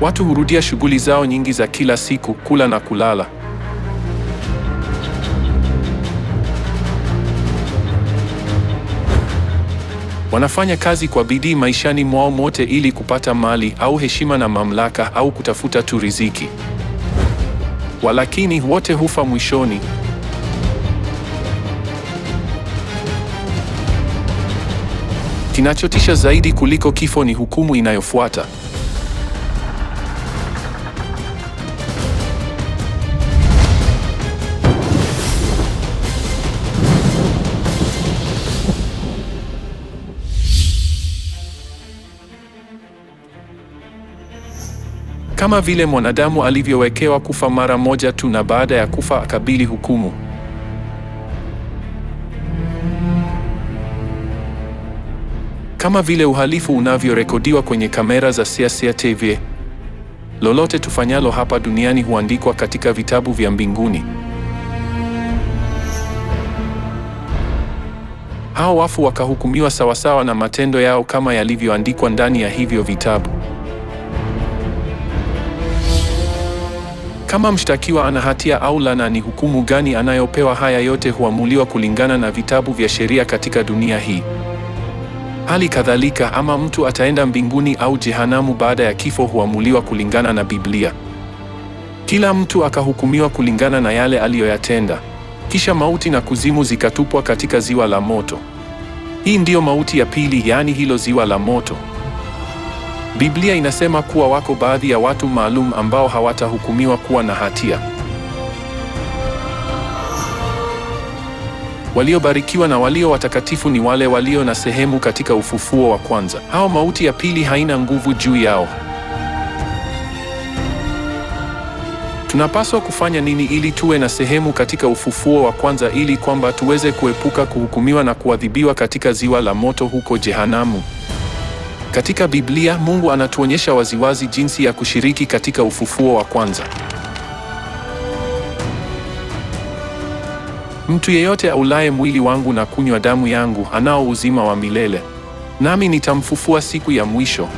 Watu hurudia shughuli zao nyingi za kila siku, kula na kulala. Wanafanya kazi kwa bidii maishani mwao mote ili kupata mali au heshima na mamlaka au kutafuta tu riziki. Walakini wote hufa mwishoni. Kinachotisha zaidi kuliko kifo ni hukumu inayofuata. kama vile mwanadamu alivyowekewa kufa mara moja tu na baada ya kufa akabili hukumu. Kama vile uhalifu unavyorekodiwa kwenye kamera za CCTV, lolote tufanyalo hapa duniani huandikwa katika vitabu vya mbinguni. Hao wafu wakahukumiwa sawasawa na matendo yao kama yalivyoandikwa ndani ya hivyo vitabu. Kama mshtakiwa ana hatia au la na ni hukumu gani anayopewa, haya yote huamuliwa kulingana na vitabu vya sheria katika dunia hii. Hali kadhalika, ama mtu ataenda mbinguni au jehanamu baada ya kifo huamuliwa kulingana na Biblia. Kila mtu akahukumiwa kulingana na yale aliyoyatenda. Kisha mauti na kuzimu zikatupwa katika ziwa la moto. Hii ndiyo mauti ya pili, yaani hilo ziwa la moto. Biblia inasema kuwa wako baadhi ya watu maalum ambao hawatahukumiwa kuwa na hatia. Waliobarikiwa na walio watakatifu ni wale walio na sehemu katika ufufuo wa kwanza. Hao mauti ya pili haina nguvu juu yao. Tunapaswa kufanya nini ili tuwe na sehemu katika ufufuo wa kwanza ili kwamba tuweze kuepuka kuhukumiwa na kuadhibiwa katika ziwa la moto huko jehanamu? Katika Biblia Mungu anatuonyesha waziwazi jinsi ya kushiriki katika ufufuo wa kwanza. Mtu yeyote aulaye mwili wangu na kunywa damu yangu anao uzima wa milele, nami nitamfufua siku ya mwisho.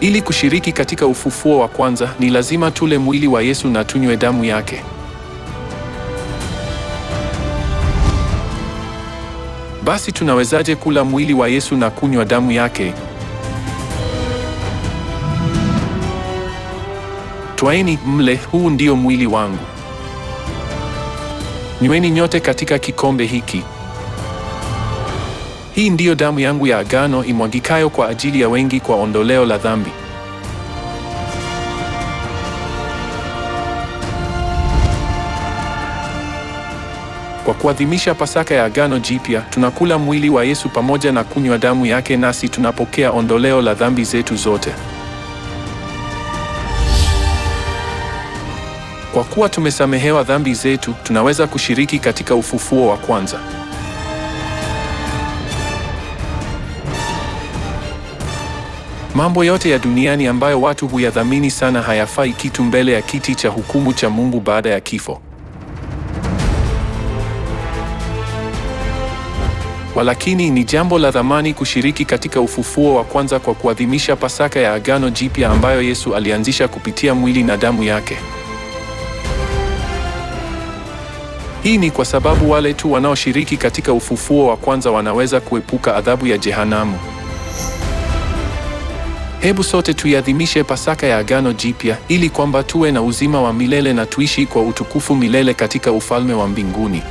Ili kushiriki katika ufufuo wa kwanza, ni lazima tule mwili wa Yesu na tunywe damu yake. basi tunawezaje kula mwili wa Yesu na kunywa damu yake? Twaeni mle, huu ndio mwili wangu. Nyweni nyote katika kikombe hiki. Hii ndiyo damu yangu ya agano imwagikayo kwa ajili ya wengi kwa ondoleo la dhambi. Kwa kuadhimisha Pasaka ya Agano Jipya, tunakula mwili wa Yesu pamoja na kunywa damu yake, nasi tunapokea ondoleo la dhambi zetu zote. Kwa kuwa tumesamehewa dhambi zetu, tunaweza kushiriki katika ufufuo wa kwanza. Mambo yote ya duniani ambayo watu huyadhamini sana hayafai kitu mbele ya kiti cha hukumu cha Mungu baada ya kifo. Walakini ni jambo la dhamani kushiriki katika ufufuo wa kwanza kwa kuadhimisha Pasaka ya Agano Jipya ambayo Yesu alianzisha kupitia mwili na damu yake. Hii ni kwa sababu wale tu wanaoshiriki katika ufufuo wa kwanza wanaweza kuepuka adhabu ya jehanamu. Hebu sote tuiadhimishe Pasaka ya Agano Jipya ili kwamba tuwe na uzima wa milele na tuishi kwa utukufu milele katika ufalme wa mbinguni.